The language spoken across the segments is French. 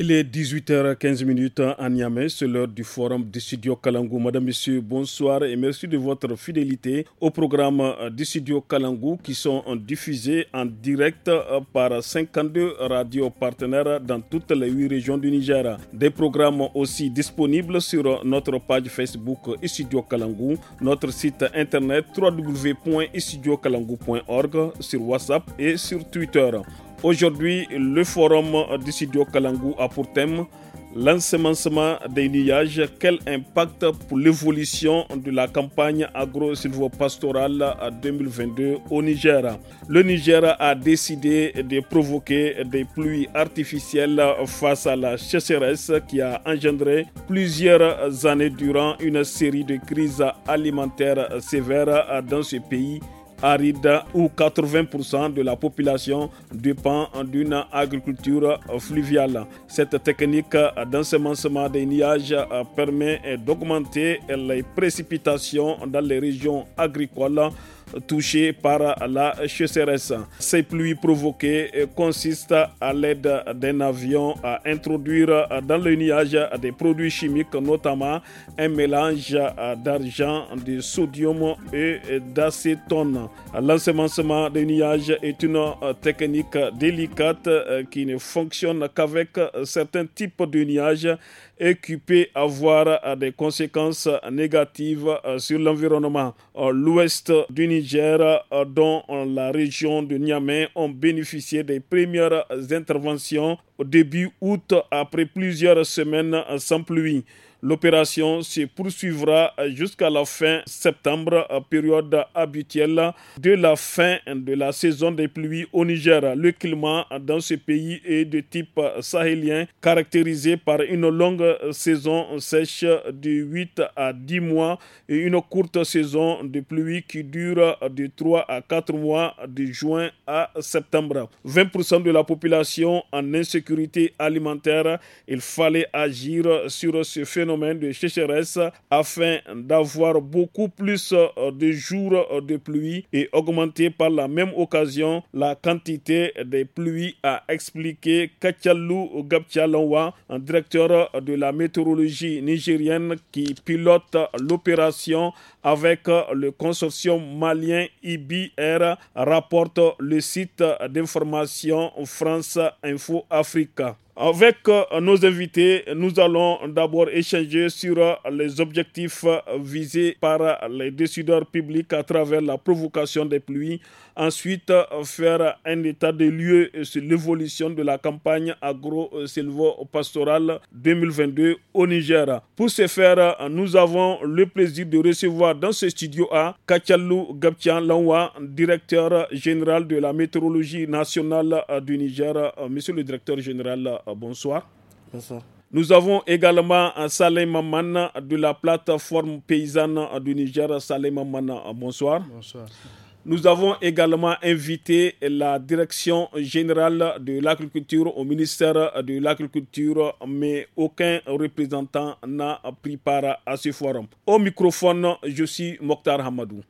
Il est 18h15 à Niamey, c'est l'heure du forum d'Issidio Kalangou. Madame, Monsieur, bonsoir et merci de votre fidélité au programme euh, d'Issidio Kalangou qui sont euh, diffusés en direct euh, par 52 radios partenaires dans toutes les 8 régions du Niger. Des programmes aussi disponibles sur notre page Facebook Studio Kalangou, notre site internet org, sur WhatsApp et sur Twitter. Aujourd'hui, le forum du studio Kalangou a pour thème l'ensemencement des nuages, quel impact pour l'évolution de la campagne agro-silvopastorale 2022 au Niger. Le Niger a décidé de provoquer des pluies artificielles face à la sécheresse qui a engendré plusieurs années durant une série de crises alimentaires sévères dans ce pays aride où 80% de la population dépend d'une agriculture fluviale. Cette technique d'ensemencement des niages permet d'augmenter les précipitations dans les régions agricoles touchés par la sécheresse. Ces pluies provoquées consistent à l'aide d'un avion à introduire dans le nuage des produits chimiques, notamment un mélange d'argent, de sodium et d'acétone. L'ensemencement des nuages est une technique délicate qui ne fonctionne qu'avec certains types de nuages et qui peut avoir des conséquences négatives sur l'environnement. L'ouest du Niger, euh, dont euh, la région de Niamey, ont bénéficié des premières interventions au début août après plusieurs semaines euh, sans pluie. L'opération se poursuivra jusqu'à la fin septembre, période habituelle de la fin de la saison des pluies au Niger. Le climat dans ce pays est de type sahélien, caractérisé par une longue saison sèche de 8 à 10 mois et une courte saison de pluie qui dure de 3 à 4 mois de juin à septembre. 20% de la population en insécurité alimentaire, il fallait agir sur ce phénomène de sécheresse afin d'avoir beaucoup plus euh, de jours euh, de pluie et augmenter par la même occasion la quantité des pluies, a expliqué Kachalou Gabchalonwa, un directeur de la météorologie nigérienne qui pilote l'opération avec euh, le consortium malien IBR, rapporte le site d'information France Info Africa. Avec euh, nos invités, nous allons d'abord échanger sur euh, les objectifs visés par les décideurs publics à travers la provocation des pluies. Ensuite, faire un état des lieux sur l'évolution de la campagne agro-silvo-pastorale 2022 au Niger. Pour ce faire, nous avons le plaisir de recevoir dans ce studio A Kachalou Gabtian Lanwa, directeur général de la météorologie nationale euh, du Niger. Euh, monsieur le directeur général, euh, bonsoir. Bonsoir. Nous avons également Salim Maman de la plateforme paysanne du Niger. Salim Maman, bonsoir. Bonsoir. Nous avons également invité la direction générale de l'agriculture au ministère de l'Agriculture, mais aucun représentant n'a pris part à ce forum. Au microphone, je suis Mokhtar Hamadou.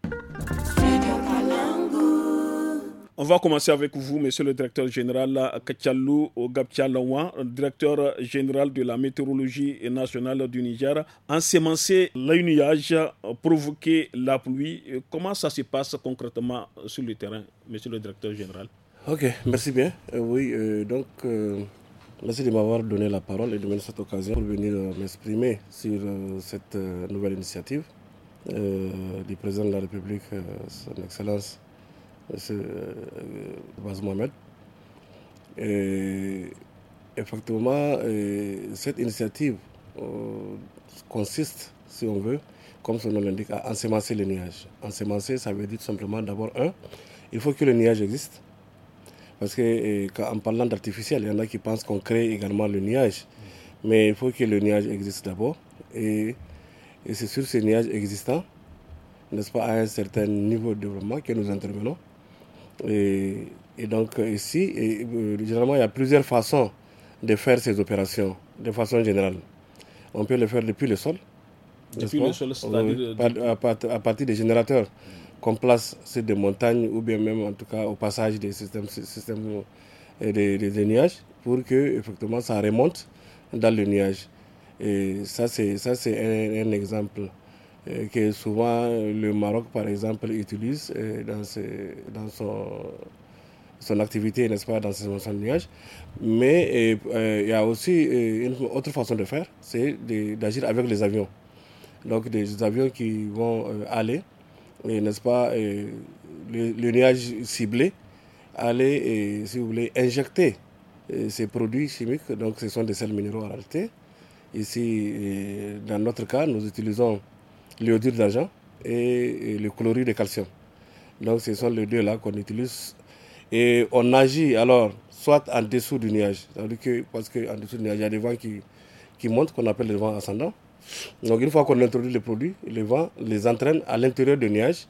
On va commencer avec vous, monsieur le directeur général Kachalou Gapchalawa, directeur général de la météorologie nationale du Niger. Ensemencer l'unillage, provoquer la pluie, comment ça se passe concrètement sur le terrain, monsieur le directeur général Ok, merci bien. Euh, oui, euh, donc. Euh, merci de m'avoir donné la parole et de me donner cette occasion pour venir m'exprimer sur cette nouvelle initiative du président de la République, son Excellence euh, euh, Baz Mohamed. Et effectivement, euh, cette initiative consiste, si on veut, comme son nom l'indique, à ensemencer les nuages. Ensemencer, ça veut dire tout simplement d'abord, un, il faut que le nuage existe. Parce que en parlant d'artificiel, il y en a qui pensent qu'on crée également le nuage. Mais il faut que le nuage existe d'abord. Et, c'est sur ce nuages existant n'est-ce pas, à un certain niveau de développement que nous intervenons. Et, donc ici, et, euh, généralement, il y a plusieurs façons de faire ces opérations, de façon générale. On peut le faire depuis le sol. Depuis le sol, c'est-à-dire... À, partir des générateurs qu'on place sur des montagnes ou bien même en tout cas au passage des systèmes, systèmes euh, des, des, nuages pour que effectivement ça remonte dans le nuage. Et ça c'est un exemple. Euh, que souvent le Maroc, par exemple, utilise euh, dans, dans son, son, activité, n'est-ce pas, dans ses nuages. nuage. Mais euh, il y a aussi une autre façon de faire, c'est d'agir avec les avions. Donc des avions qui vont aller, n'est-ce pas, le, nuage ciblé, aller, et, si vous voulez, injecter ces produits chimiques, donc ce sont des sels minéraux en réalité. Ici, dans notre cas, nous utilisons l'iodure d'argent et, le chlorure de calcium. Donc ce sont les deux là qu'on utilise. Et on agit alors soit en dessous du nuage, que, parce qu'en dessous du nuage, il y a des vents qui, qui montent, qu'on appelle les vents ascendants. Donc une fois qu'on introduit les produits, les vents les entraînent à l'intérieur du nuage.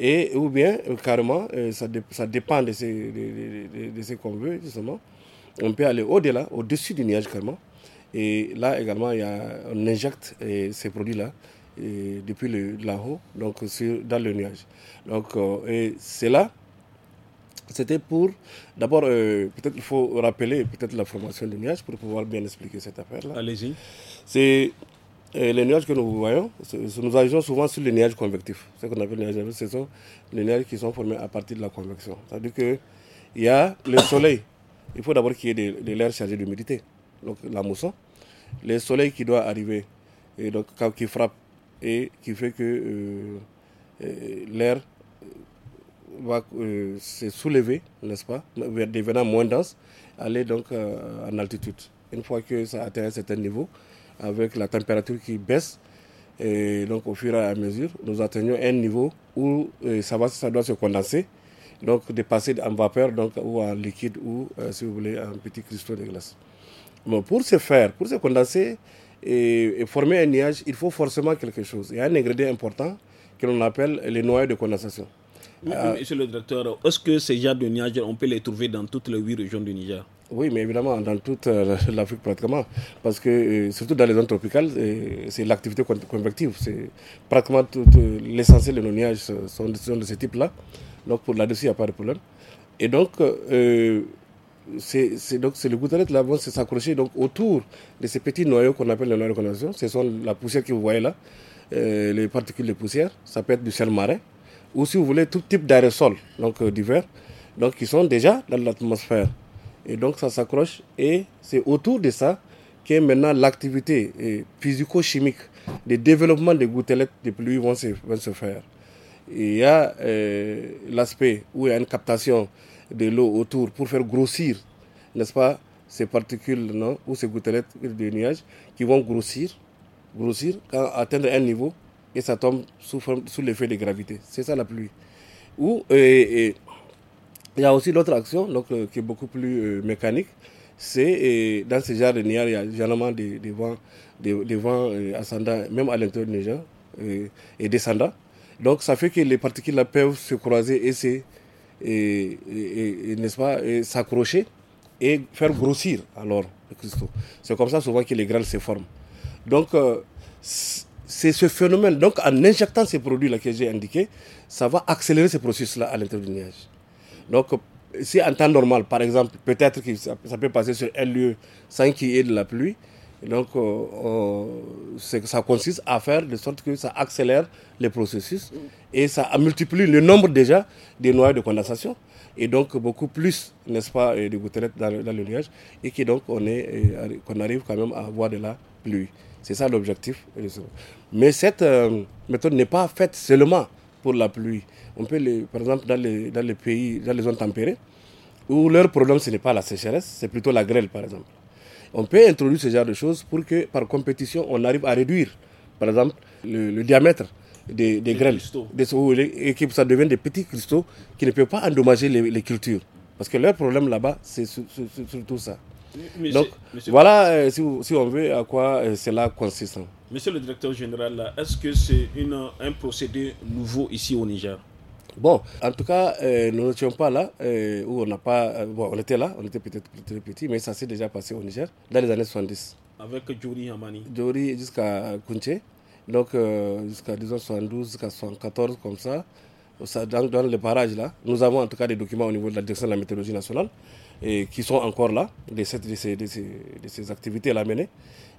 Et, ou bien, euh, carrément, euh, ça, ça dépend de ce, de, qu'on veut, justement. On peut aller au-delà, au-dessus du nuage, carrément. Et là également, il y a, on injecte euh, ces produits-là depuis là-haut, donc sur, dans le nuage. Donc, euh, et c'est là, c'était pour, d'abord, euh, peut-être il faut rappeler peut-être la formation du nuage pour pouvoir bien expliquer cette affaire-là. Allez-y. C'est euh, les nuages que nous voyons, nous agissons souvent sur les nuages convectifs. Ce qu'on appelle les nuages ce sont les nuages qui sont formés à partir de la convection. C'est-à-dire qu'il y a le soleil. Il faut d'abord qu'il y ait de, l'air chargé d'humidité, donc la mousson. Le soleil qui doit arriver, et donc quand, qui frappe et qui fait que euh, euh, l'air euh, va se soulever, n'est-ce pas, devenant moins dense, aller donc en altitude. Une fois que ça atteint un certain niveau, avec la température qui baisse, et donc au fur et à mesure, nous atteignons un niveau où ça, va, ça doit se condenser, donc dépasser en vapeur donc, ou en liquide ou, si vous voulez, en petits cristaux de glace. Bon, pour se faire, pour se condenser, et, former un nuage, il faut forcément quelque chose. Il y a un ingrédient important que l'on appelle les noyaux de condensation. monsieur le directeur, est-ce que ces genres de nuages, on peut les trouver dans toutes les huit régions du Niger Oui, mais évidemment, dans toute euh, l'Afrique pratiquement. Parce que, euh, surtout dans les zones tropicales, euh, c'est l'activité convective. C'est pratiquement l'essentiel de nos nuages sont, de ce type-là. Donc, pour la dessus il n'y a pas de problème. Et donc, c'est donc c'est le gouttelette vont s'accrocher donc autour de ces petits noyaux qu'on appelle les noyaux de condensation. Ce sont la poussière que vous voyez là, euh, les particules de poussière. Ça peut être du sel marin ou si vous voulez tout type d'aérosol donc euh, divers, donc qui sont déjà dans l'atmosphère. Et donc ça s'accroche et c'est autour de ça qu'est maintenant l'activité euh, physico-chimique le développement des gouttelettes de pluie vont se, vont se faire. Et il y a l'aspect où il y a une captation de l'eau autour pour faire grossir, n'est-ce pas, ces particules non, ou ces gouttelettes de nuages qui vont grossir, grossir, quand atteindre un niveau et ça tombe sous, sous l'effet de gravité. C'est ça la pluie. Ou, il y a aussi l'autre action donc, euh, qui est beaucoup plus euh, mécanique. C'est dans ce genre de nuages, il y a généralement des, des vents, des, vents euh, ascendants, même à l'intérieur des gens, et descendants. Donc ça fait que les particules peuvent se croiser et c'est et, pas, s'accrocher et faire grossir alors le cristaux. C'est comme ça souvent que les graines se forment. Donc euh, c'est ce phénomène. Donc en injectant ces produits-là que j'ai indiqués, ça va accélérer ce processus-là à l'intérieur du nuage. Donc si en temps normal, par exemple, peut-être que ça, ça peut passer sur un lieu sans qu'il y ait de la pluie, donc, euh, euh, ça consiste à faire de sorte que ça accélère les processus et ça multiplie le nombre déjà des noyaux de condensation et donc beaucoup plus, n'est-ce pas, euh, de gouttelettes dans, le nuage et qui donc on, est, qu'on arrive quand même à avoir de la pluie. C'est ça l'objectif. Mais cette méthode n'est pas faite seulement pour la pluie. On peut, par exemple, dans les, dans les pays, dans les zones tempérées, où leur problème ce n'est pas la sécheresse, c'est plutôt la grêle, par exemple. On peut introduire ce genre de choses pour que par compétition, on arrive à réduire, par exemple, le, diamètre des, graines. Des, et que ça devienne des petits cristaux qui ne peuvent pas endommager les, cultures. Parce que leur problème là-bas, c'est surtout ça. Donc voilà, euh, si, on veut, à quoi euh, cela consiste. Monsieur le directeur général, est-ce que c'est un procédé nouveau ici au Niger Bon, en tout cas, nous euh, n'étions pas là, euh, où on n'a pas. Euh, bon, on était là, on était peut-être très petit, mais ça s'est déjà passé au Niger dans les années 70. Avec Djouri Hamani Djouri jusqu'à Kunche, donc jusqu'à 1972, jusqu'à comme ça. dans, les barrages là, nous avons en tout cas des documents au niveau de la direction de la météorologie nationale et qui sont encore là, de, cette, de, ces, de, ces, activités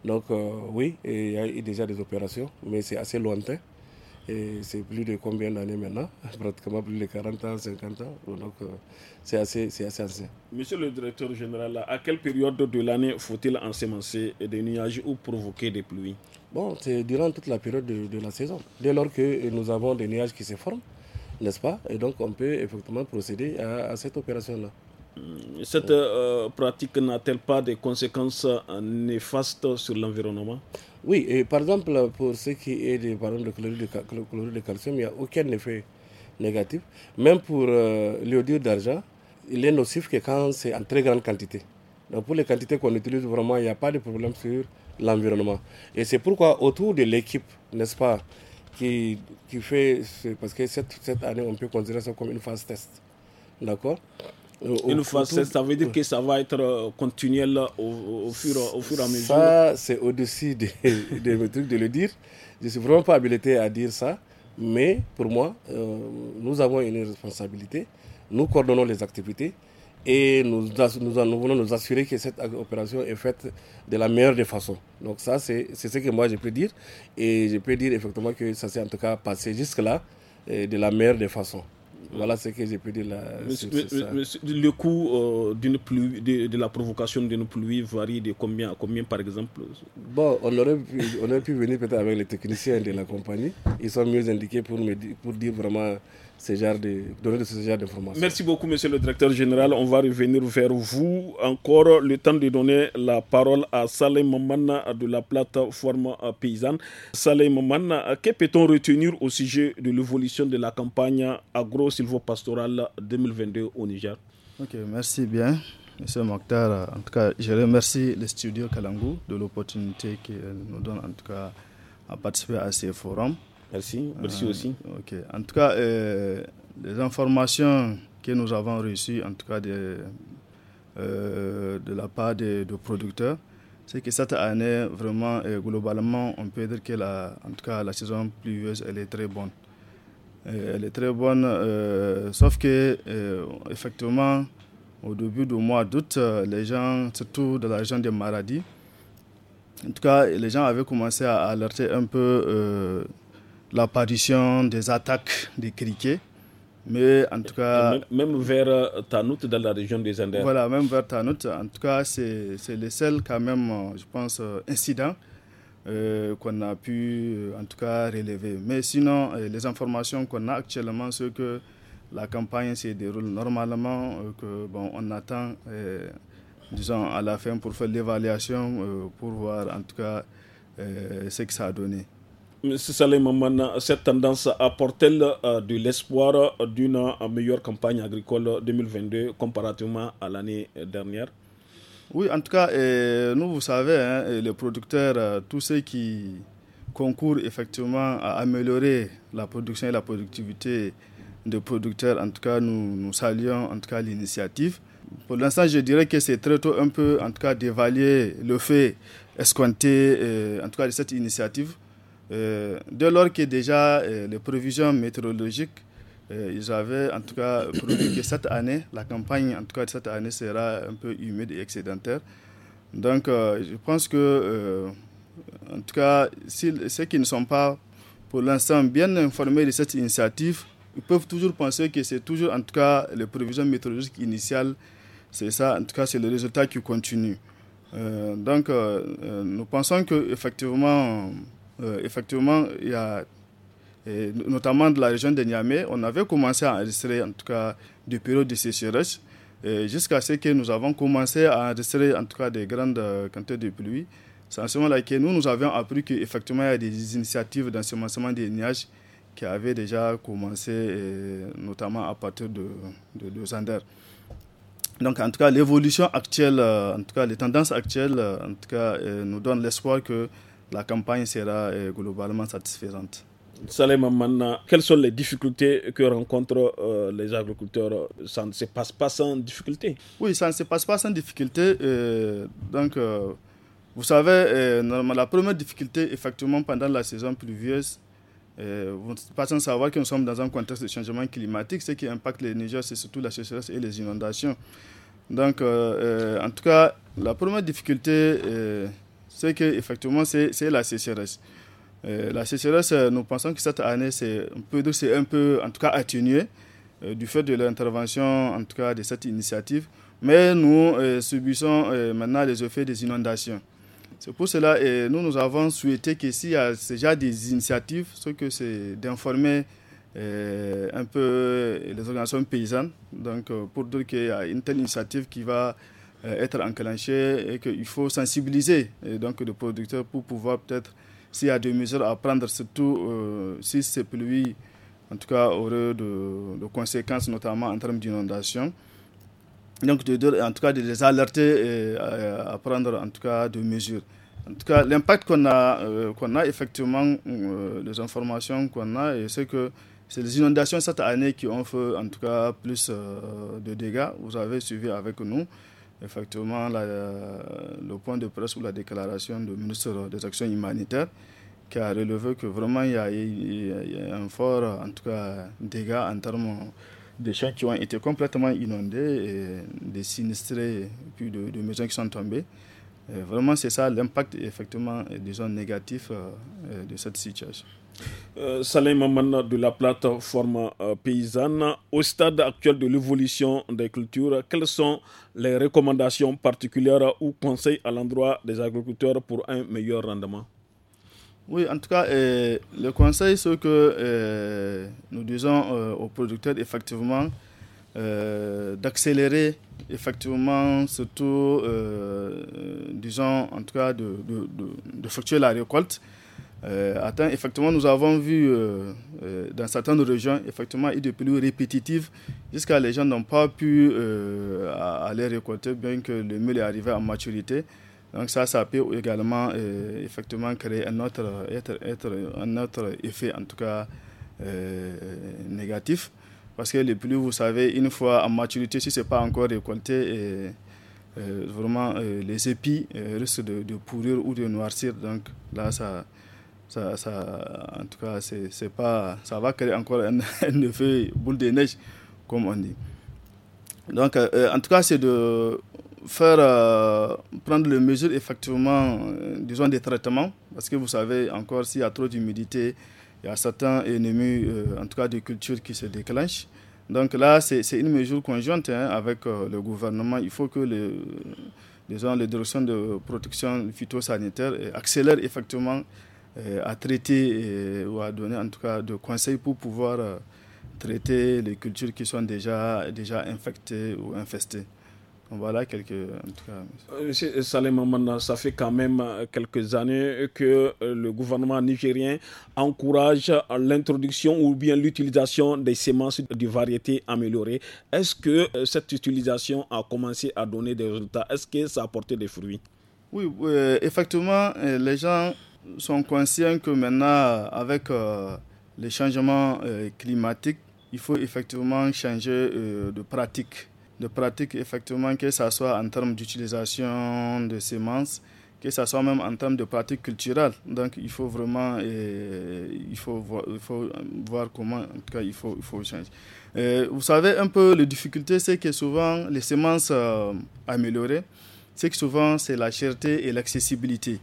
Donc, oui, il y a déjà des opérations, mais c'est assez lointain. Et c'est plus de combien d'années maintenant Pratiquement plus de 40 ans, 50 ans. Donc euh, c'est assez, assez ancien. Monsieur le directeur général, à quelle période de l'année faut-il ensemencer des nuages ou provoquer des pluies Bon, c'est durant toute la période de, la saison. Dès lors que nous avons des nuages qui se forment, n'est-ce pas Et donc on peut effectivement procéder à, cette opération-là. Hmm, cette euh, pratique n'a-t-elle pas des conséquences euh, néfastes sur l'environnement oui, et par exemple, pour ce qui est des, par chlorure de, chlorure de, calcium, il n'y a aucun effet négatif. Même pour euh, l'iodure d'argent, il est nocif que quand c'est en très grande quantité. Donc pour les quantités qu'on utilise vraiment, il n'y a pas de problème sur l'environnement. Et c'est pourquoi autour de l'équipe, n'est-ce pas, qui, fait, parce que cette, cette année, on peut considérer ça comme une phase test. D'accord ça veut dire que ça va être euh, continuel euh, au, fur, au fur, et à mesure. Ça, c'est au-dessus de, mes trucs de le dire. Je ne suis vraiment pas habilité à dire ça. Mais pour moi, euh, nous avons une responsabilité. Nous coordonnons les activités et nous, nous, nous voulons nous assurer que cette opération est faite de la meilleure des façons. Donc ça, c'est ce que moi, je peux dire. Et je peux dire effectivement que ça s'est en tout cas passé jusque-là de la meilleure des façons. Voilà ce que j'ai pu dire là. le coût euh, d'une pluie, de, la provocation d'une pluie varie de combien à combien, par exemple Bon, on aurait pu, on aurait pu venir peut-être avec les techniciens de la compagnie. Ils sont mieux indiqués pour, me, pour dire vraiment Merci beaucoup, monsieur le directeur général. On va revenir vers vous. Encore le temps de donner la parole à Salem Mamana de la plateforme paysanne. Salem Mamana, que peut-on retenir au sujet de l'évolution de la campagne agro-silvopastorale 2022 au Niger Ok, merci bien. Monsieur Mokhtar, en tout cas, je remercie le studio Kalangu de l'opportunité qu'il nous donne, en tout cas, à participer à ces forums. Merci, ah, merci aussi. Ok. En tout cas, les euh, informations que nous avons reçues, en tout cas de, euh, de la part des, producteurs, c'est que cette année, vraiment, euh, globalement, on peut dire que la, en tout cas, la saison pluvieuse, elle est très bonne. elle est très bonne, sauf que, effectivement, au début du mois d'août, les gens, surtout de la région de maladies, en tout cas, les gens avaient commencé à alerter un peu l'apparition des attaques des criquets. Mais en tout cas. Même, vers euh, Tanout, dans la région des Andes. Voilà, même vers Tanout. En tout cas, c'est le seul, quand même, euh, je pense, euh, incident qu'on a pu, en tout cas, relever. Mais sinon, les informations qu'on a actuellement, c'est que la campagne se déroule normalement, que, bon, on attend, disons, à la fin pour faire l'évaluation, pour voir, en tout cas, ce que ça a donné. Monsieur Salim Maman, cette tendance apporte-t-elle euh, de l'espoir d'une meilleure campagne agricole 2022 comparativement à l'année dernière Oui, en tout cas, nous, vous savez, hein, les producteurs, euh, tous ceux qui concourent effectivement à améliorer la production et la productivité des producteurs, en tout cas, nous, saluons en tout cas l'initiative. Pour l'instant, je dirais que c'est très tôt un peu, en tout cas, d'évaluer le fait escompté, euh, en tout cas, de cette initiative euh, dès lors que déjà euh, les prévisions météorologiques, euh, ils avaient en tout cas prévu que cette année, la campagne en tout cas de cette année sera un peu humide et excédentaire. Donc euh, je pense que, en tout cas, si, ceux qui ne sont pas pour l'instant bien informés de cette initiative, ils peuvent toujours penser que c'est toujours en tout cas les prévisions météorologiques initiales, c'est ça, en tout cas c'est le résultat qui continue. donc nous pensons que effectivement euh, effectivement, il y a, notamment de la région de Niamey, on avait commencé à enregistrer, en tout cas, des périodes de sécheresse, jusqu'à ce que nous avons commencé à enregistrer, en tout cas, des grandes euh, quantités de pluie. C'est en ce moment-là que nous, nous avions appris qu'effectivement, il y a des initiatives d'ensemencement des niages qui avaient déjà commencé, notamment à partir de, de, de Zander. Donc, en tout cas, l'évolution actuelle, euh, en tout cas, les tendances actuelles, en tout cas, nous donnent l'espoir que la campagne sera euh, globalement satisfaisante. Salem maintenant, quelles sont les difficultés que rencontrent euh, les agriculteurs Ça ne se passe pas sans difficulté Oui, ça ne se passe pas sans difficulté. Euh, donc, vous savez, la première difficulté, effectivement, pendant la saison pluvieuse, vous n'êtes pas sans savoir que nous sommes dans un contexte de changement climatique. Ce qui impacte les Niger, c'est surtout la sécheresse et les inondations. Donc, en tout cas, la première difficulté c'est qu'effectivement, c'est la sécheresse. Euh, la sécheresse, euh, nous pensons que cette année, c'est un peu, c'est un peu, en tout cas, atténué euh, du fait de l'intervention, en tout cas, de cette initiative. Mais nous subissons maintenant les effets des inondations. C'est pour cela que nous, nous avons souhaité que s'il y a déjà des initiatives, ce que c'est d'informer un peu les organisations paysannes, donc pour dire qu'il y a une telle initiative qui va euh, être enclenché et qu'il faut sensibiliser et euh, donc producteurs pour pouvoir peut-être, s'il y a des mesures à prendre, surtout euh, si c'est pluie, en tout cas, heureux de, conséquences, notamment en termes d'inondation. Donc, de, en tout cas, de les alerter et à, prendre, en tout cas, des mesures. En tout cas, l'impact qu'on a, qu'on a effectivement, les informations qu'on a, c'est que c'est les inondations cette année qui ont fait en tout cas plus de dégâts. Vous avez suivi avec nous effectivement euh, le point de presse ou la déclaration du ministre des Actions humanitaires qui a relevé que vraiment il y a, un fort en tout cas, dégât en termes de champs qui ont été complètement inondés, et des sinistrés, et puis de, maisons qui sont tombées. vraiment, c'est ça l'impact effectivement, négatif euh, de cette situation. Euh, Salim Maman de la plateforme euh, paysanne, au stade actuel de l'évolution des cultures, quelles sont les recommandations particulières ou conseils à l'endroit des agriculteurs pour un meilleur rendement Oui, en tout cas, euh, le conseil, c'est que nous disons aux producteurs effectivement d'accélérer, effectivement, surtout, disons, en tout cas, de, de, la récolte. Euh, attends, effectivement, nous avons vu euh, euh, dans certaines régions, effectivement, il de pluies répétitives, jusqu'à les gens n'ont pas pu aller récolter, bien que le mûle est arrivé en maturité. Donc ça, ça peut également effectivement créer un autre, être, être, un autre effet, en tout cas négatif. Parce que les pluies, vous savez, une fois en maturité, si ce n'est pas encore récolté, vraiment les épis risquent de, de, pourrir ou de noircir. Donc là, ça, ça, en tout cas, c'est, pas, ça va créer encore une boule de neige, comme on dit. Donc, euh, euh, en tout cas, c'est de faire euh, prendre les mesures effectivement, des traitements, parce que vous savez encore s'il y a trop d'humidité, il y a certains ennemis, en tout cas, des cultures, qui se déclenchent. Donc là, c'est une mesure conjointe hein, avec le gouvernement. Il faut que les, gens, les directions de protection phytosanitaire accélèrent effectivement euh, à traiter euh, ou à donner en tout cas de conseils pour pouvoir euh, traiter les cultures qui sont déjà, déjà infectées ou infestées. Voilà quelques. En tout cas. Monsieur Salem ça fait quand même quelques années que le gouvernement nigérien encourage l'introduction ou bien l'utilisation des semences de variétés améliorées. Est-ce que cette utilisation a commencé à donner des résultats Est-ce que ça a porté des fruits oui, effectivement, les gens sont conscients que maintenant, avec euh, les changements euh, climatiques, il faut effectivement changer euh, de pratique. De pratique, effectivement, que ce soit en termes d'utilisation de semences, que ce soit même en termes de pratiques culturelles. Donc, il faut vraiment il faut voir, comment, en tout cas, il faut, il faut changer. vous savez, un peu, la difficulté, c'est que souvent, les semences améliorées, c'est que souvent, c'est la cherté et l'accessibilité.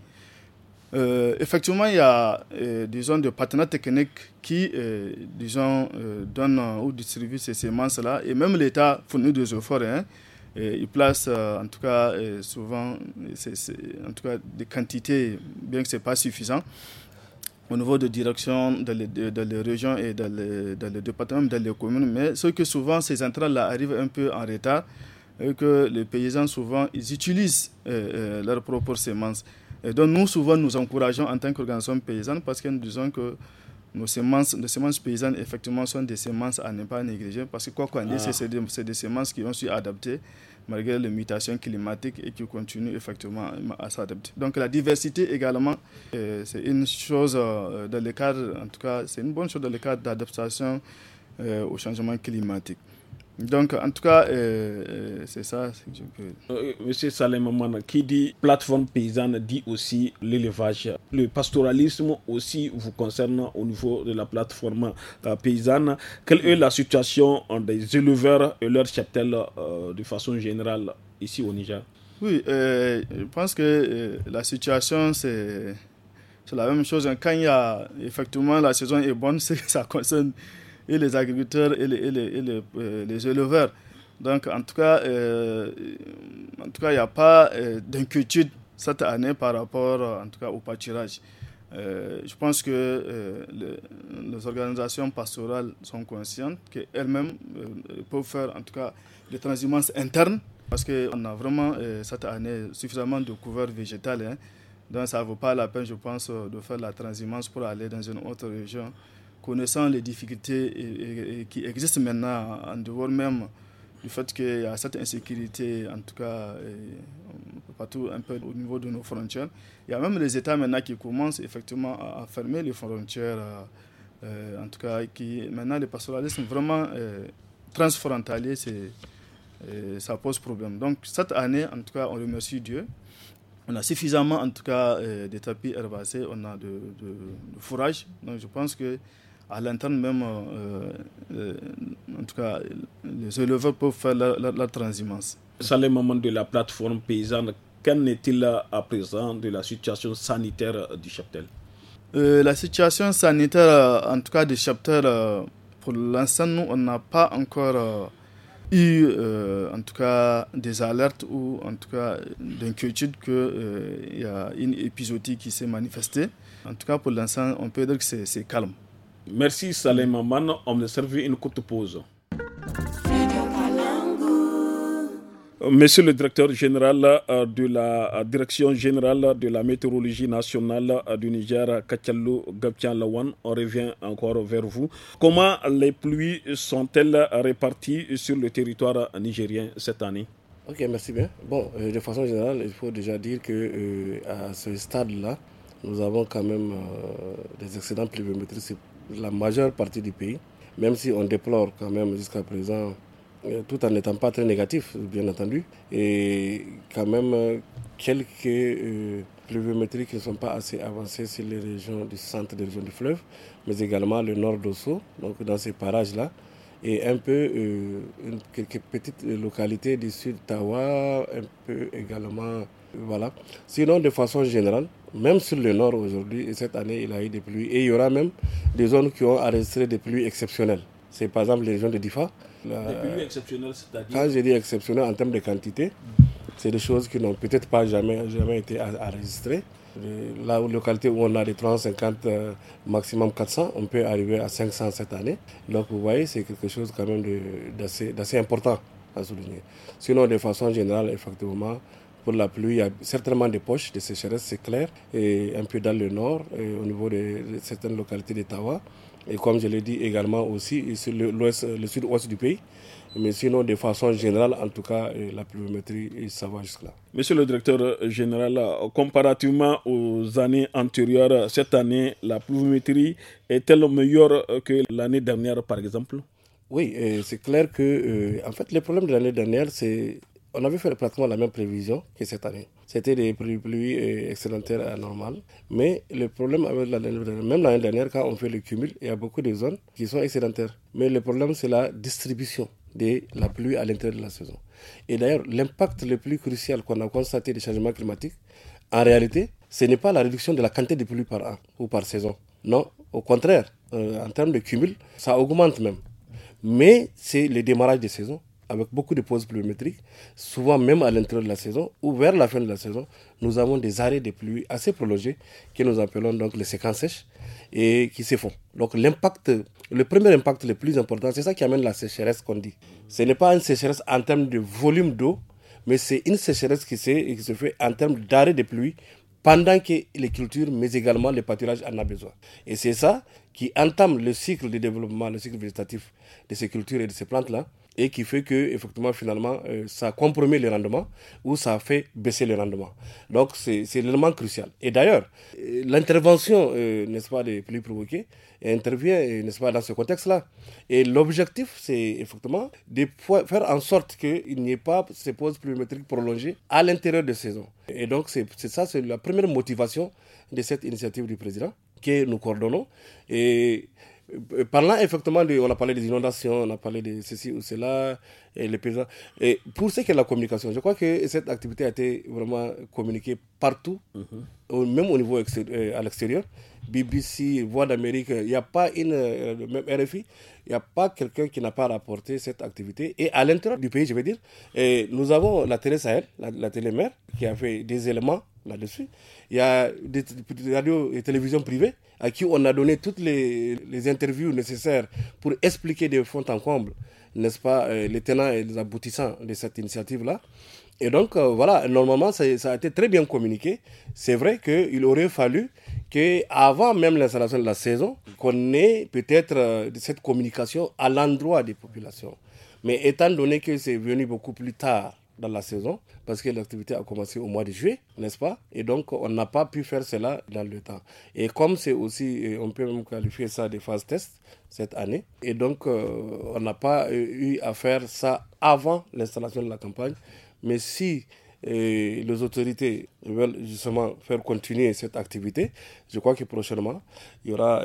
Euh, effectivement, il y a, des euh, disons, des partenaires techniques qui, euh, disons, donnent ou distribuent ces semences-là. Et même l'État fournit des efforts. Hein. il place, en tout cas, souvent, en tout cas, des quantités, bien que ce n'est pas suffisant, au niveau de direction dans les, les régions et dans les, dans les départements, dans les communes. Mais ce que souvent, ces entrées-là arrivent un peu en retard et que les paysans, souvent, ils utilisent leurs propres semences. Et donc nous, souvent, nous encourageons en tant qu'organisation paysanne parce que nous disons que nos semences, paysannes, effectivement, sont des semences à ne pas négliger parce que quoi qu'on dise, ah. c'est des, semences qui ont su adapter malgré les mutations climatiques et qui continuent effectivement à s'adapter. Donc la diversité également, euh, c'est une chose euh, dans le cadre, en tout cas, c'est une bonne chose dans le cadre d'adaptation euh, au changement climatique. Donc, en tout cas, euh, euh, c'est ça euh, Monsieur Salem qui dit plateforme paysanne, dit aussi l'élevage. Le pastoralisme aussi vous concerne au niveau de la plateforme paysanne. Quelle est la situation des éleveurs et leurs châtels de façon générale ici au Niger Oui, je pense que la situation, c'est. la même chose. Quand il y a effectivement la saison est bonne, c'est que ça concerne et les agriculteurs et les, les, euh, les, éleveurs. Donc, en tout cas, euh, en tout cas, il n'y a pas euh, d'inquiétude cette année par rapport, en tout cas, au pâturage. je pense que les organisations pastorales sont conscientes qu'elles-mêmes peuvent faire, en tout cas, des transhumances internes parce qu'on a vraiment cette année suffisamment de couverts végétales. Hein. Donc ça ne vaut pas la peine, je pense, de faire la transhumance pour aller dans une autre région connaissant les difficultés qui existent maintenant, en dehors même du fait qu'il y a cette insécurité, en tout cas euh, partout un peu au niveau de nos frontières, il y a même les États maintenant qui commencent effectivement à fermer les frontières, euh, euh, en tout cas qui maintenant les pastoralistes sont vraiment transfrontaliers, ça pose problème. Donc cette année, en tout cas, on remercie Dieu. On a suffisamment, en tout cas, des tapis herbacés, on a de, de fourrage. Donc je pense que à l'interne même, euh, euh, en tout cas, les éleveurs peuvent faire la, la, Ça, les moments de la plateforme paysanne, qu'en est-il à présent de la situation sanitaire du cheptel euh, La situation sanitaire, en tout cas, du cheptel, pour l'instant, nous, on n'a pas encore eu, en tout cas, des alertes ou, en tout cas, d'inquiétude qu'il y a une épisodie qui s'est manifestée. En tout cas, pour l'instant, on peut dire que c'est calme. Merci Salim Maman, on me servi une courte pause. Monsieur le directeur général euh, de la euh, Direction générale de la météorologie nationale euh, du Niger, Kachalou Gabtian Lawan, on revient encore vers vous. Comment les pluies sont-elles réparties sur le territoire nigérien cette année Ok, merci bien. Bon, de façon générale, il faut déjà dire que à ce stade-là, nous avons quand même des excédents pluviométriques la majeure partie du pays, même si on déplore quand même jusqu'à présent, euh, tout en n'étant pas très négatif, bien entendu, et quand même euh, quelques euh, qui ne sont pas assez avancées sur les régions du centre des régions du fleuve, mais également le nord d'Osso, donc dans ces parages-là, et un peu euh, quelques petites localités du sud Tawa, un peu également voilà. Sinon, de façon générale, même sur le nord aujourd'hui, cette année, il y a eu des pluies. Et il y aura même des zones qui ont enregistré des pluies exceptionnelles. C'est par exemple les zones de Difa. Des pluies exceptionnelles, c'est-à-dire Quand j'ai dit exceptionnel en termes de quantité, c'est des choses qui n'ont peut-être pas jamais, jamais été enregistrées. La localité où on a des 350, euh, maximum 400, on peut arriver à 500 cette année. Donc vous voyez, c'est quelque chose quand même d'assez important à souligner. Sinon, de façon générale, effectivement, pour la pluie, il y a certainement des poches de sécheresse, c'est clair, et un peu dans le nord, au niveau de, certaines localités Tawa, Et comme je l'ai dit également aussi, sur le, le sud-ouest du pays. Mais sinon, de façon générale, en tout cas, euh, la pluviométrie, euh, ça va jusque-là. Monsieur le directeur euh, général, comparativement aux années antérieures, cette année, la pluviométrie est-elle meilleure que l'année dernière, par exemple Oui, c'est clair que, en fait, le problème de l'année dernière, c'est on avait fait pratiquement la même prévision que cette année. C'était des pluies euh, excédentaires à euh, normales. Mais le problème même l'année dernière, quand on fait le cumul, il y a beaucoup de zones qui sont excédentaires. Mais le problème, c'est la distribution de la pluie à l'intérieur de la saison. Et d'ailleurs, l'impact le plus crucial qu'on a constaté des changements climatiques, en réalité, ce n'est pas la réduction de la quantité de pluie par an ou par saison. Non, au contraire, euh, en termes de cumul, ça augmente même. Mais c'est le démarrage des saisons avec beaucoup de pauses pluviométriques, souvent même à l'intérieur de la saison ou vers la fin de la saison, nous avons des arrêts de pluie assez prolongés que nous appelons donc les séquences sèches et qui se font. Donc l'impact, le premier impact le plus important, c'est ça qui amène la sécheresse qu'on dit. Ce n'est pas une sécheresse en termes de volume d'eau, mais c'est une sécheresse qui se, qui se fait en termes d'arrêt de pluie pendant que les cultures, mais également les pâturages en a besoin. Et c'est ça qui entame le cycle de développement, le cycle végétatif de ces cultures et de ces plantes-là, et qui fait que effectivement finalement euh, ça compromet le rendement ou ça fait baisser le rendement. Donc c'est l'élément crucial. Et d'ailleurs, euh, l'intervention, euh, n'est-ce pas, des plus provoqués intervient, n'est-ce pas, dans ce contexte-là. Et l'objectif, c'est effectivement de faire en sorte qu'il n'y ait pas ces pauses pluviométriques prolongées à l'intérieur de saison. Et donc c'est ça, c'est la première motivation de cette initiative du président que nous coordonnons. Et euh, parlant effectivement, on a parlé des inondations, on a parlé de ceci ou cela, et les paysans. Et pour ce qui est de la communication, je crois que cette activité a été vraiment communiquée partout, mhm. même au niveau euh, à l'extérieur. BBC, Voix d'Amérique, il n'y a pas une, euh, même RFI, il n'y a pas quelqu'un qui n'a pas rapporté cette activité. Et à l'intérieur du pays, je veux dire, nous avons la télé Sahel, la, la télé qui a fait des éléments là-dessus. Il y a des radios et télévisions privées à qui on a donné toutes les, interviews nécessaires pour expliquer de fond en comble, n'est-ce pas, euh, les tenants et les aboutissants de cette initiative-là. Et donc, euh, voilà, normalement, ça, a été très bien communiqué. C'est vrai qu'il aurait fallu qu'avant même l'installation de la saison, qu'on ait peut-être de euh, cette communication à l'endroit des populations. Mais étant donné que c'est venu beaucoup plus tard, dans la saison parce que l'activité a commencé au mois de juillet, n'est-ce pas Et donc, on n'a pas pu faire cela dans le temps. Et comme c'est aussi, euh, on peut même qualifier ça de phase test cette année, et donc, euh, on n'a pas euh, eu à faire ça avant l'installation de la campagne. Mais si les autorités veulent justement faire continuer cette activité. Je crois que prochainement, il y aura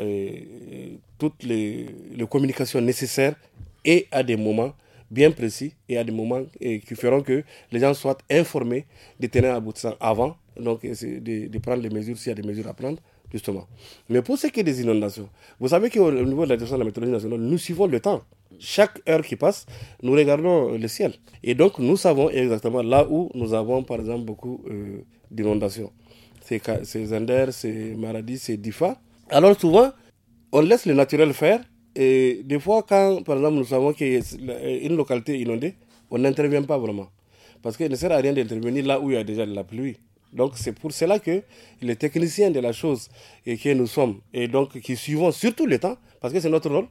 toutes les, les communications nécessaires et à des moments bien précis et à des moments et qui feront que les gens soient informés des terrains aboutissants avant donc de, prendre les mesures s'il y a des mesures à prendre justement. Mais pour ce qui est des inondations, vous savez qu'au niveau de la direction de la météorologie nationale, nous suivons le temps. Chaque heure qui passe, nous regardons le ciel. Et donc, nous savons exactement là où nous avons, par exemple, beaucoup euh, d'inondations. C'est Zender, c'est Maradi, c'est Difa. Alors, souvent, on laisse le naturel faire et des fois, quand, par exemple, nous savons qu'il euh, une localité inondée, on n'intervient pas vraiment. Parce qu'il ne sert à rien d'intervenir là où il y a déjà de la pluie. Donc c'est pour cela que les techniciens de la chose et que nous sommes, et donc qui suivons surtout le temps, parce que c'est notre rôle,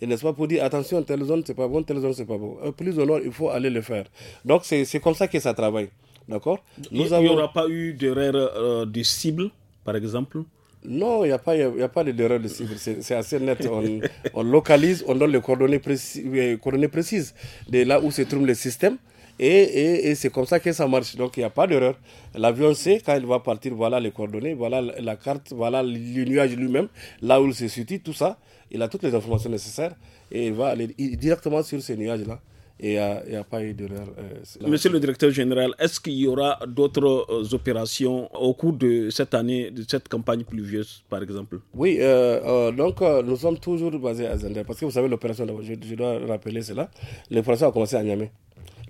et n'est-ce pas pour dire attention, telle zone c'est pas bon, telle zone c'est pas bon. Euh, plus au nord, il faut aller le faire. Donc c'est comme ça que ça travaille. D'accord Il n'y aura pas eu d'erreur euh, de cible, par exemple non, il n'y a, pas, d'erreur de cible, c'est assez net. On, localise, on donne les coordonnées, les coordonnées précises de là où se trouve le système. Et, c'est comme ça que ça marche. Donc il n'y a pas d'erreur. L'avion sait quand il va partir, voilà les coordonnées, voilà la carte, voilà le nuage lui-même, là où il se situe, tout ça. Il a toutes les informations nécessaires et il va aller directement sur ces nuages-là et euh, il n'y a pas eu d'erreur. Euh, Monsieur le directeur général, est-ce qu'il y aura d'autres euh, opérations au cours de cette année, de cette campagne pluvieuse, par exemple Oui, donc nous sommes toujours basés à Zender, parce que vous savez, l'opération, je, dois rappeler cela, l'opération a commencé à Niamey.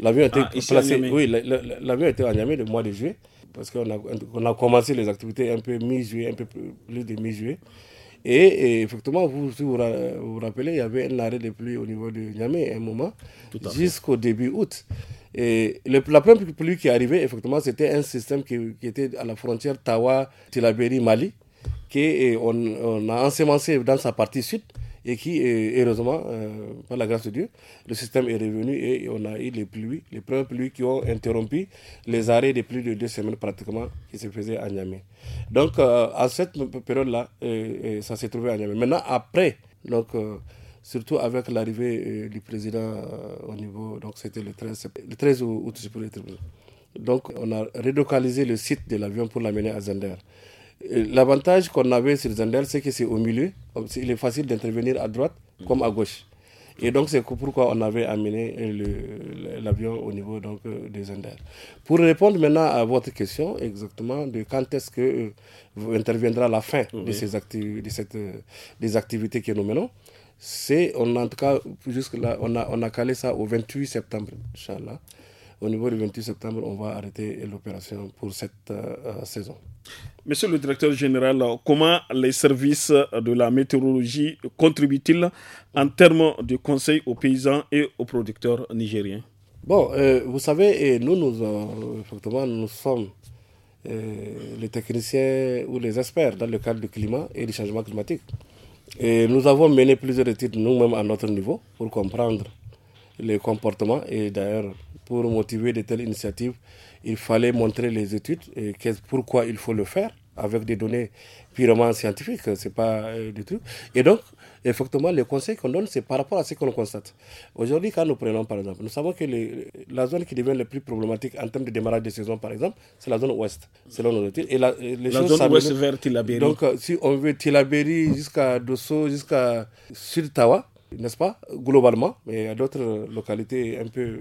L'avion était ah, placé, oui, l'avion était à Niamey le mois de juillet, parce qu'on a, on a commencé les activités un peu mi-juillet, un peu plus de mi-juillet. Et, effectivement, vous, vous, vous rappelez, il y avait un arrêt de pluie au niveau de Niamey à un moment, jusqu'au début août. Et le, la première pluie qui arrivait, effectivement, c'était un système qui, était à la frontière Tawa-Tilaberi-Mali, qu'on on a ensemencé dans sa partie sud et qui, heureusement, euh, par la grâce de Dieu, le système est revenu et on a eu les pluies, les premières pluies qui ont interrompu les arrêts de plus de deux semaines pratiquement qui se faisaient à Niamey. Donc, euh, à cette période-là, euh, ça s'est trouvé à Niamey. Maintenant, après, donc, surtout avec l'arrivée du président au niveau, donc c'était le 13, le 13 août, je pourrais Donc, on a relocalisé le site de l'avion pour l'amener à Zender. L'avantage qu'on avait sur Zendel, c'est que c'est au milieu. Il est facile d'intervenir à droite comme à gauche. Et donc, c'est pourquoi on avait amené l'avion au niveau donc, euh, des Pour répondre maintenant à votre question, exactement, de quand est-ce que euh, interviendra la fin de ces activités, euh, des activités que nous menons, c'est, on, en tout cas, jusque-là, on a, on a calé ça au 28 septembre, Inch'Allah. Au niveau du 28 septembre, on va arrêter l'opération pour cette saison. Monsieur le directeur général, comment les services de la météorologie contribuent-ils en termes de conseils aux paysans et aux producteurs nigériens Bon, euh, vous savez, euh, nous, nous, euh, effectivement, nous sommes les techniciens ou les experts dans le cadre du climat et du changement climatique. Et nous avons mené plusieurs études nous-mêmes à notre niveau pour comprendre les comportements. Et d'ailleurs, pour motiver de telles initiatives, il fallait montrer les études et pourquoi il faut le faire avec des données purement scientifiques, c'est pas euh, du tout. Et donc, effectivement, les conseils qu'on donne, c'est par rapport à ce qu'on constate. Aujourd'hui, quand nous prenons par exemple, nous savons que la zone qui devient la plus problématique en termes de démarrage de saison, par exemple, c'est la zone ouest, selon nos études. Et la, les zone ouest vers Tilaberi. Donc, euh, si on veut Tilaberi jusqu'à Dosso, jusqu'à sud n'est-ce pas, globalement, mais il y a d'autres localités un peu.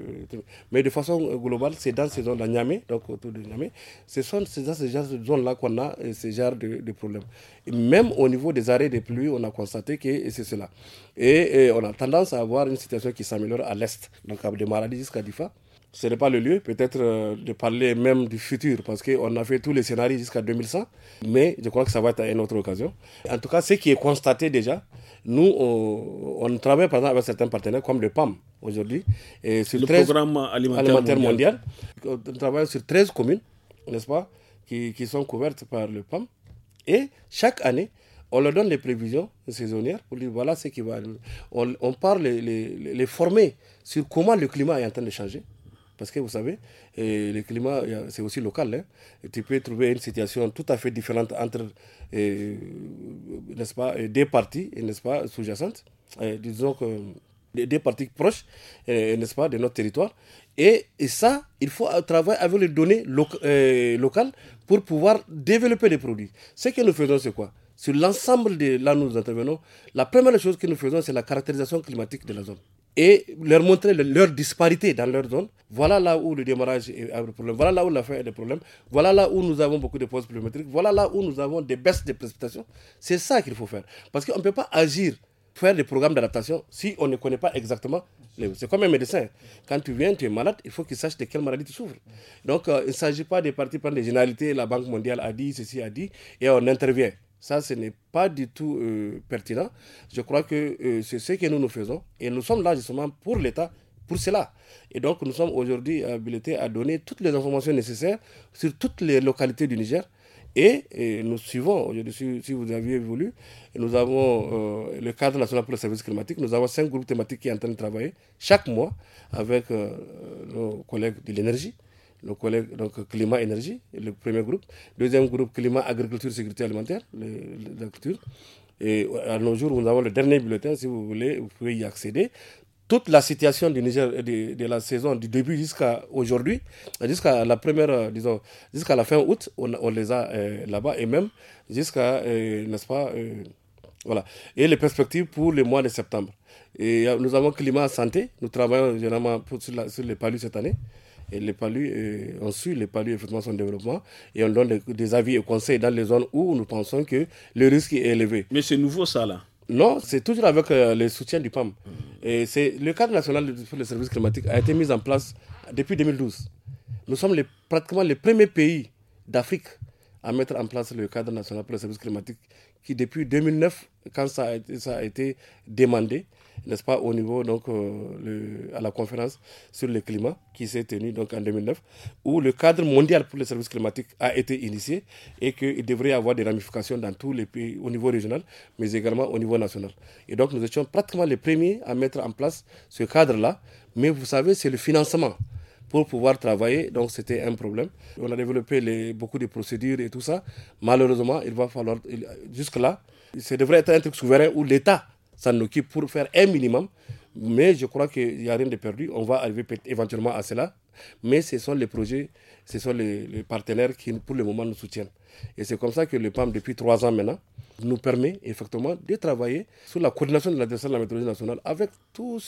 Mais de façon globale, c'est dans ces zones-là, Niamey, donc autour de Niamey, c'est dans ces zones-là qu'on a euh, ce genre de, de problèmes. même au niveau des arrêts des pluies, on a constaté que c'est cela. Et, on a tendance à avoir une situation qui s'améliore à l'est, donc à des maladies jusqu'à Difa ce n'est pas le lieu peut-être euh, de parler même du futur parce qu'on a fait tous les scénarios jusqu'à 2100, mais je crois que ça va être à une autre occasion. En tout cas, ce qui est constaté déjà, nous, on, travaille par exemple avec certains partenaires comme le PAM aujourd'hui, et sur le programme alimentaire, mondial. On travaille sur 13 communes, n'est-ce pas, qui, qui sont couvertes par le PAM. Et chaque année, on leur donne les prévisions saisonnières pour dire voilà ce qui va. On, on parle, les, les, les former sur comment le climat est en train de changer. Parce que vous savez, le climat, c'est aussi local. Hein. tu peux trouver une situation tout à fait différente entre, n'est-ce pas, des parties, n'est-ce pas, sous-jacentes, disons que des parties proches, n'est-ce pas, de notre territoire. Et, ça, il faut travailler avec les données locales pour pouvoir développer les produits. Ce que nous faisons, c'est quoi Sur l'ensemble de là nous intervenons, la première chose que nous faisons, c'est la caractérisation climatique de la zone et leur montrer leur disparité dans leur zone. Voilà là où le démarrage est un problème. Voilà là où la fin est un problème. Voilà là où nous avons beaucoup de pauses pluviométriques. Voilà là où nous avons des baisses de précipitations. C'est ça qu'il faut faire. Parce qu'on ne peut pas agir, faire des programmes d'adaptation si on ne connaît pas exactement. C'est comme un médecin. Quand tu viens, tu es malade, il faut qu'il sache de quelle maladie tu souffres. Donc euh, il ne s'agit pas de partir prendre des généralités. La Banque mondiale a dit, ceci a dit, et on intervient. Ça, ce n'est pas du tout euh, pertinent. Je crois que euh, c'est ce que nous nous faisons. Et nous sommes là justement pour l'État, pour cela. Et donc, nous sommes aujourd'hui habilités à donner toutes les informations nécessaires sur toutes les localités du Niger. Et, nous suivons, si, si vous aviez voulu, nous avons euh, le cadre national pour le service climatique. Nous avons cinq groupes thématiques qui sont en train de travailler chaque mois avec nos collègues de l'énergie nos collègues, donc climat énergie, le premier groupe. Deuxième groupe, climat agriculture sécurité alimentaire, l'agriculture. Et euh, à nos jours, nous avons le dernier bulletin, si vous voulez, vous pouvez y accéder. Toute la situation du Niger, de, la saison du début jusqu'à aujourd'hui, jusqu'à la première, euh, disons, jusqu'à la fin août, on, les a euh, là-bas et même jusqu'à, n'est-ce pas, voilà. Et les perspectives pour le mois de septembre. Et nous avons climat santé, nous travaillons généralement sur, sur les palus cette année et les palus, euh, on suit les palus effectivement son développement et on donne des, avis et conseils dans les zones où nous pensons que le risque est élevé. Mais c'est nouveau ça là non, c'est toujours avec euh, le soutien du PAM. Et c'est le cadre national pour les services climatiques a été mis en place depuis 2012. Nous sommes les, pratiquement les premiers pays d'Afrique à mettre en place le cadre national pour les services climatiques qui depuis 2009, quand ça a été demandé, n'est-ce pas, au niveau, donc, euh, à la conférence sur le climat qui s'est tenue donc, en 2009, où le cadre mondial pour les services climatiques a été initié et qu'il devrait y avoir des ramifications dans tous les pays au niveau régional, mais également au niveau national. Et donc, nous étions pratiquement les premiers à mettre en place ce cadre-là, mais vous savez, c'est le financement pour pouvoir travailler. Donc c'était un problème. On a développé beaucoup de procédures et tout ça. Malheureusement, il va falloir, jusque-là, ça devrait être un truc souverain où l'État ça nous occupe pour faire un minimum. Mais je crois qu'il n'y a rien de perdu. On va arriver éventuellement à cela. Mais ce sont les projets, ce sont les, partenaires qui, pour le moment, nous soutiennent. Et c'est comme ça que le PAM, depuis trois ans maintenant, nous permet effectivement de travailler sur la coordination de la de la méthodologie nationale avec tous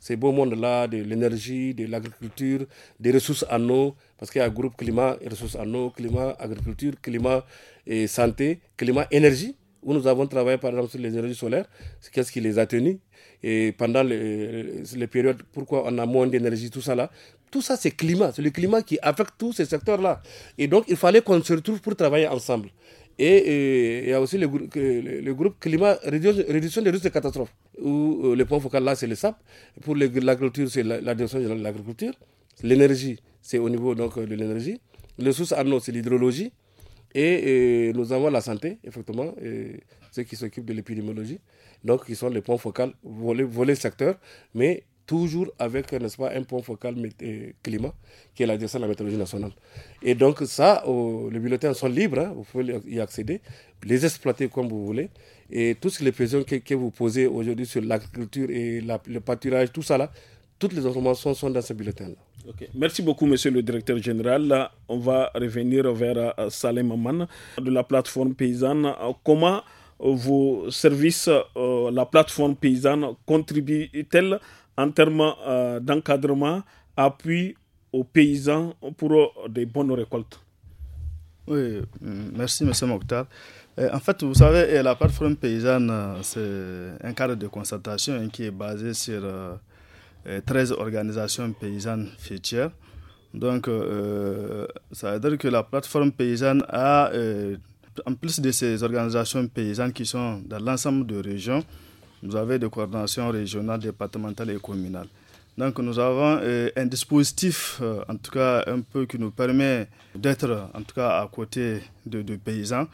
ces, beaux mondes-là, de l'énergie, de l'agriculture, des ressources en eau, parce qu'il y a un groupe climat et ressources en eau, climat, agriculture, climat et santé, climat, énergie où nous avons travaillé par exemple sur les énergies solaires, qu'est-ce qui les a tenus et pendant les, périodes, pourquoi on a moins d'énergie, tout ça là. Tout ça c'est climat, c'est le climat qui affecte tous ces secteurs-là. Et donc il fallait qu'on se retrouve pour travailler ensemble. Et il y a aussi le, groupe climat, réduction des risques de catastrophe où euh, le point focal là c'est le SAP, pour l'agriculture c'est la, de l'agriculture, l'énergie c'est au niveau donc, euh, de l'énergie, les sources en c'est l'hydrologie, et, nous avons la santé, effectivement, ceux qui s'occupent de l'épidémiologie, donc qui sont les points focaux, volets secteur, mais toujours avec, n'est-ce pas, un point focal euh, climat, qui est la direction de la météorologie nationale. Et donc ça, les bulletins sont libres, hein, vous pouvez y accéder, les exploiter comme vous voulez. Et toutes les questions que, vous posez aujourd'hui sur l'agriculture et le pâturage, tout ça là, toutes les informations sont dans ce bulletin là. Merci beaucoup, monsieur le directeur général. on va revenir vers euh, Salem Aman de la plateforme paysanne. Comment vos services, euh, la plateforme paysanne, contribuent elles elle en termes euh, d'encadrement, appui aux paysans pour des bonnes récoltes Oui, merci, monsieur Mokhtar. En fait, vous savez, la plateforme paysanne, c'est un cadre de concertation hein, qui est basé sur 13 euh, organisations paysannes fêtières. Donc, euh, ça veut dire que la plateforme paysanne a, euh, en plus de ces organisations paysannes qui sont dans l'ensemble de régions, nous avons des coordinations régionales, départementales et communales. Donc, nous avons un dispositif, en tout cas un peu qui nous permet d'être, en tout cas, à côté de, paysans.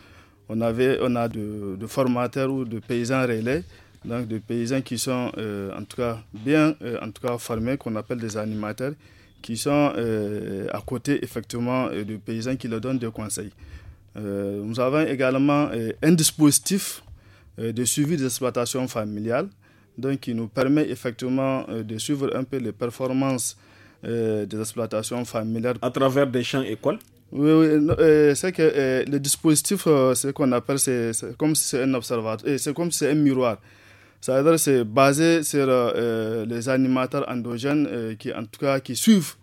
On, avait, on a de, de formateurs ou de paysans relais donc des paysans qui sont euh, en tout cas bien euh, en tout cas formés, qu'on appelle des animateurs, qui sont euh, à côté effectivement des paysans qui leur donnent des conseils. nous avons également un dispositif de suivi des exploitations familiales, donc qui nous permet effectivement de suivre un peu les performances des exploitations familiales. À travers des champs écoles Oui, oui c'est que le dispositif, c'est qu'on appelle, c'est comme si c'est un observatoire, c'est comme si c'est un miroir. C'est-à-dire c'est basé sur euh, euh, les animateurs endogènes euh, qui, en tout cas, qui suivent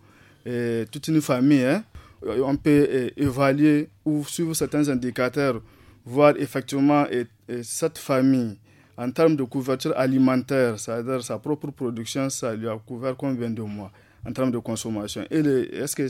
toute une famille. Hein. On peut évaluer ou suivre certains indicateurs, voir effectivement cette famille en termes de couverture alimentaire, c'est-à-dire sa propre production, ça lui a couvert combien de mois en termes de consommation. Et est-ce que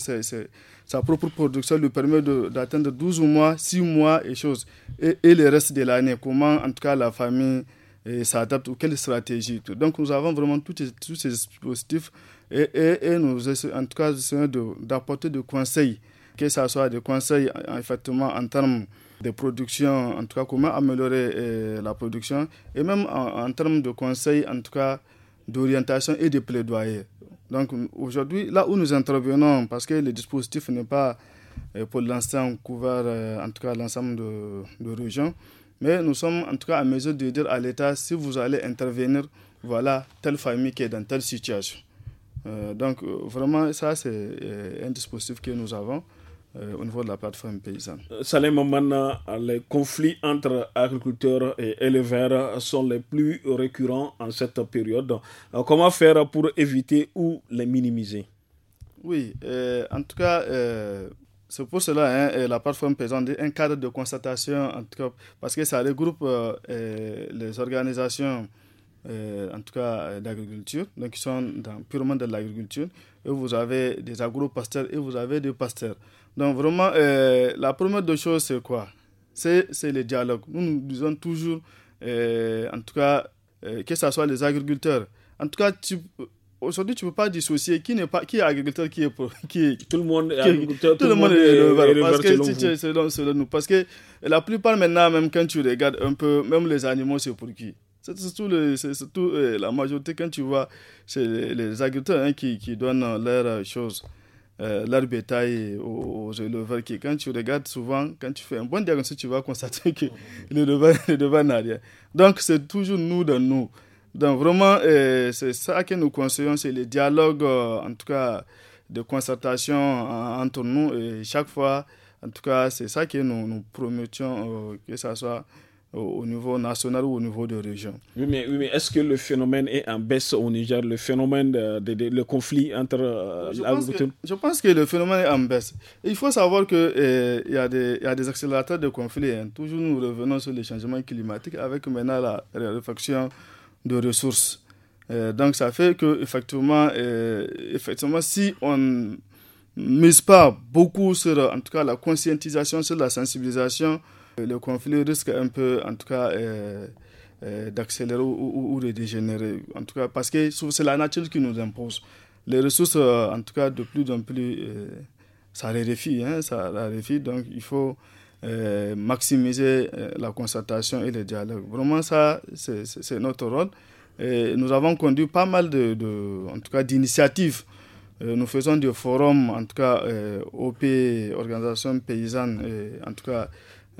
sa propre production lui permet d'atteindre 12 mois, 6 mois et choses. et le reste de l'année, comment en tout cas la famille et ça adapte ou quelle stratégie. Donc nous avons vraiment tous ces dispositifs et, et, et, nous en tout cas essayons d'apporter des conseils, que ce soit des conseils effectivement en termes de production, en tout cas comment améliorer euh, la production et même en, termes de conseils, en tout cas d'orientation et de plaidoyer. Donc aujourd'hui, là où nous intervenons, parce que les dispositifs n'est pas euh, pour l'instant couvert, euh, en tout cas l'ensemble de, de régions, mais nous sommes en tout cas à mesure de dire à l'État si vous allez intervenir, voilà telle famille qui est dans telle situation. Euh, donc euh, vraiment, ça c'est euh, un dispositif que nous avons. au niveau de la plateforme paysanne. Salim Mamana, les conflits entre agriculteurs et éleveurs sont les plus récurrents en cette période. comment faire pour éviter ou les minimiser Oui, en tout cas, c'est pour cela hein, la plateforme présente un cadre de constatation, parce que ça regroupe euh, les organisations, euh, en tout cas euh, d'agriculture, donc qui sont purement de l'agriculture, et vous avez des agro-pasteurs et vous avez des pasteurs. Donc vraiment, la première des choses, c'est quoi C'est le dialogue. Nous nous disons toujours, en tout cas, que ce soit les agriculteurs, en tout cas, tu, aujourd'hui, tu ne peux pas dissocier qui n'est pas qui est agriculteur, qui est pour, qui tout le monde est agriculteur, tout, le monde est éleveur. Parce que nous, parce que la plupart maintenant, même quand tu regardes un peu, même les animaux, c'est pour qui. C'est surtout, euh, la majorité quand tu vois, c'est les, agriculteurs hein, qui, qui, donnent leurs choses, leurs leur euh, aux, éleveurs. Qui, quand tu regardes souvent, quand tu fais un bon diagnostic, tu vas constater que éleveurs n'ont rien. Donc c'est toujours nous dans nous. Donc vraiment, euh, c'est ça que nous conseillons, c'est le dialogue, euh, en tout cas, de concertation entre nous. Et chaque fois, en tout cas, c'est ça que nous, nous promettions, euh, que ce soit au niveau national ou au niveau de région. Oui, mais, oui, mais est-ce que le phénomène est en baisse au Niger, le phénomène, de, le conflit entre... je, pense que, le phénomène est en baisse. Il faut savoir qu'il il y, a des, accélérateurs de conflit. Hein. Toujours nous revenons sur les changements climatiques avec maintenant la réflexion de ressources. Euh, donc ça fait que effectivement, euh, effectivement, si on mise pas beaucoup sur, en tout cas, la conscientisation, sur la sensibilisation, euh, le conflit risque un peu, en tout cas, d'accélérer ou, de dégénérer. En tout cas, parce que c'est la nature qui nous impose. Les ressources, en tout cas, de plus en plus, ça défie, hein, ça raréfie. Donc il faut euh, maximiser euh, la concertation et le dialogue. Vraiment, ça, c'est notre rôle. nous avons conduit pas mal de, en tout cas, d'initiatives. Euh, nous faisons des forums, en tout cas, OP, Organisation Paysanne, en tout cas,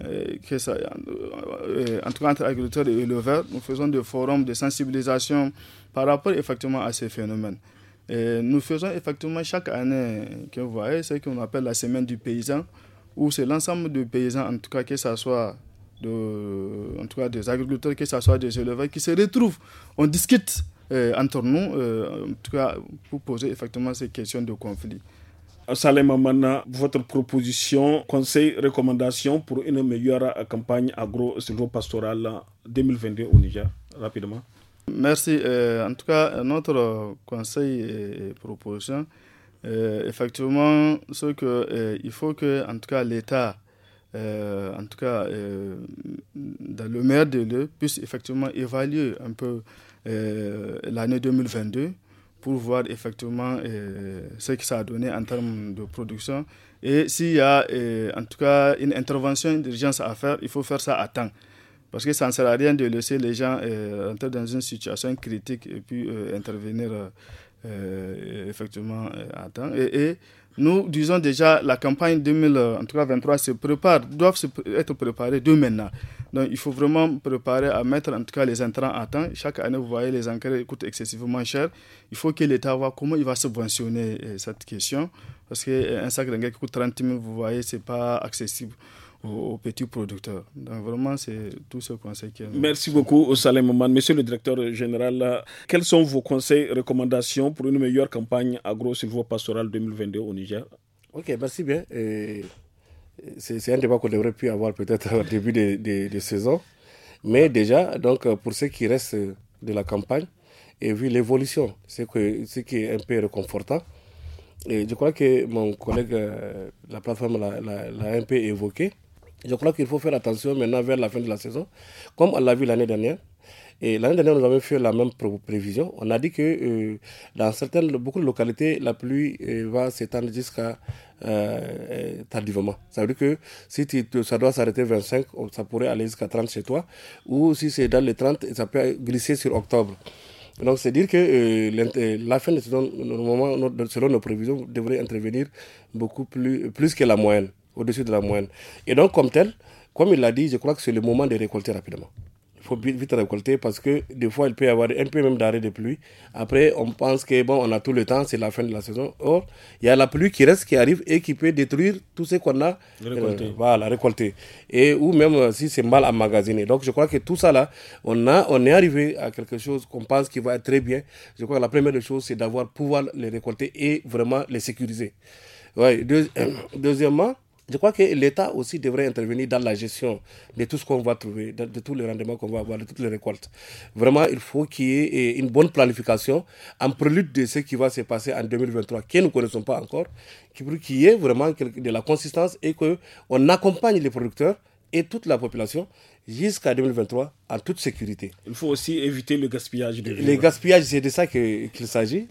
en entre agriculteurs et éleveurs, nous faisons des forums de sensibilisation par rapport effectivement à ces phénomènes. nous faisons effectivement chaque année, que vous voyez, ce qu'on appelle la semaine du paysan, où c'est l'ensemble de paysans, en tout cas, que ce soit en tout cas des agriculteurs, que ce soit des éleveurs, qui se retrouvent. On discute euh, entre nous, euh, en tout cas, pour poser effectivement ces questions de conflit. Euh, Salem Amana, votre proposition, conseil, recommandation pour une meilleure campagne agro-pastorale 2022 au Niger, rapidement. Merci. en tout cas, notre conseil et proposition, euh, effectivement, ce que, euh, il faut que, en tout cas, l'État, euh, en tout cas, dans le maire de l'EU, puisse effectivement évaluer un peu l'année 2022 pour voir effectivement ce que ça a donné en termes de production. Et s'il y a en tout cas une intervention d'urgence à faire, il faut faire ça à temps. Parce que ça ne sert à rien de laisser les gens entrer dans une situation critique et puis intervenir euh, effectivement à euh, temps. Et, nous disons déjà la campagne 2023 euh, se prépare, doivent se, être préparée de maintenant. Donc il faut vraiment préparer à mettre en tout cas les entrants à temps. Chaque année, vous voyez, les engrais coûtent excessivement cher. Il faut que l'État voit comment il va subventionner cette question. Parce qu'un sac d'engrais qui coûte 30 000, vous voyez, ce n'est pas accessible aux, petits producteurs. Donc vraiment, c'est tout ce conseil que... Merci beaucoup, Salem Maman. Monsieur le directeur général, quels sont vos conseils, recommandations pour une meilleure campagne agro pastorale 2022 au Niger Ok, merci bien. c'est un débat qu'on aurait pu avoir peut-être au début de, saison. Mais déjà, donc, pour ce qui reste de la campagne, et vu l'évolution, ce, ce qui est un peu réconfortant, et je crois que mon collègue, euh, la plateforme l'a un peu évoqué, je crois qu'il faut faire attention maintenant vers la fin de la saison, comme on l'a vu l'année dernière. Et l'année dernière, nous avons fait la même prévision. On a dit que euh, dans certaines, beaucoup de localités, la pluie euh, va s'étendre jusqu'à euh, tardivement. Ça veut dire que si ça doit s'arrêter 25, ça pourrait aller jusqu'à 30 chez toi. Ou si c'est dans les 30, ça peut glisser sur octobre. Donc, c'est dire que la fin de saison, normalement, selon nos prévisions, devrait intervenir beaucoup plus que la moyenne au-dessus de la moyenne. Et donc, comme tel, comme il l'a dit, je crois que c'est le moment de récolter rapidement. Il faut vite, récolter parce que des fois, il peut y avoir un peu même d'arrêt de pluie. Après, on pense que bon, on a tout le temps, c'est la fin de la saison. Or, il y a la pluie qui reste, qui arrive et qui peut détruire tout ce qu'on a récolté. Euh, voilà, récolté. Et ou même euh, si c'est mal emmagasiné. Donc, je crois que tout ça là, on, a, on est arrivé à quelque chose qu'on pense qui va être très bien. Je crois que la première chose, c'est d'avoir pouvoir les récolter et vraiment les sécuriser. Ouais, deuxièmement, je crois que l'État aussi devrait intervenir dans la gestion de tout ce qu'on va trouver, de, tous les rendements qu'on va avoir, de toutes les récoltes. Vraiment, il faut qu'il y ait eh, une bonne planification en prélude de ce qui va se passer en 2023, que nous ne connaissons pas encore, pour qu'il y ait vraiment de la consistance et qu'on accompagne les producteurs et toute la population jusqu'à 2023 en toute sécurité. Il faut aussi éviter le gaspillage. De le gaspillage, c'est de ça qu'il s'agit.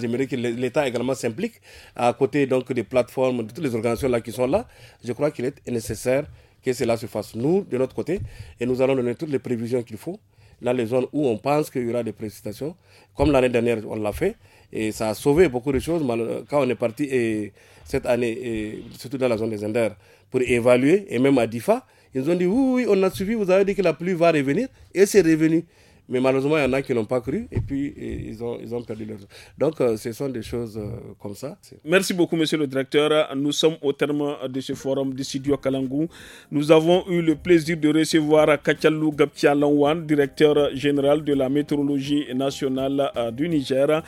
J'aimerais que l'État également s'implique à côté donc des plateformes, de toutes les organisations là qui sont là. Je crois qu'il est nécessaire que cela se fasse. Nous, de notre côté, et nous allons donner toutes les prévisions qu'il faut dans les zones où on pense qu'il y aura des précipitations. Comme l'année dernière, on l'a fait. Et ça a sauvé beaucoup de choses. Quand on est parti et cette année, et surtout dans la zone des Indes, pour évaluer, et même à DIFA, ils ont dit oui, oui, on a suivi, vous avez dit que la pluie va revenir, et c'est revenu. Mais malheureusement, il y en a qui n'ont pas cru et puis ils ont, ils ont perdu leur. Donc, euh, ce sont des choses euh, comme ça. Merci beaucoup, monsieur le directeur. Nous sommes au terme de ce forum de à Kalangou. Nous avons eu le plaisir de recevoir Kachalou Gaptia directeur général de la météorologie nationale euh, du Niger,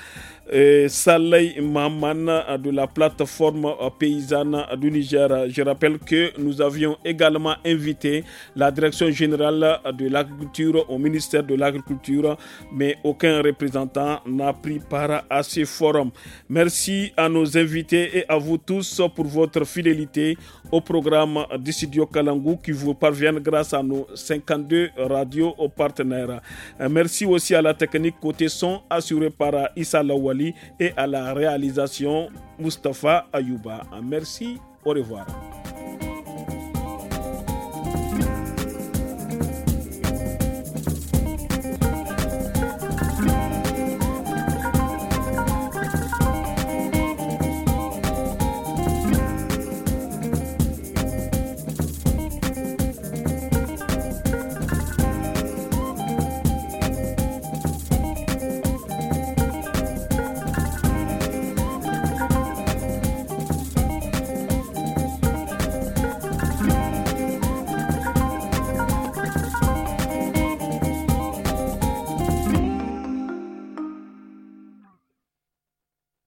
et Saleh Maman de la plateforme paysanne du Niger. Je rappelle que nous avions également invité la direction générale de l'agriculture au ministère de l'agriculture culture, mais aucun représentant n'a pris part à ce forum. Merci à nos invités et à vous tous pour votre fidélité au programme d'Issidio Kalangu qui vous parvient grâce à nos 52 radios aux partenaires. Euh, merci aussi à la technique côté son assurée par Issa Lawali et à la réalisation Mustapha Ayouba. Merci, au revoir.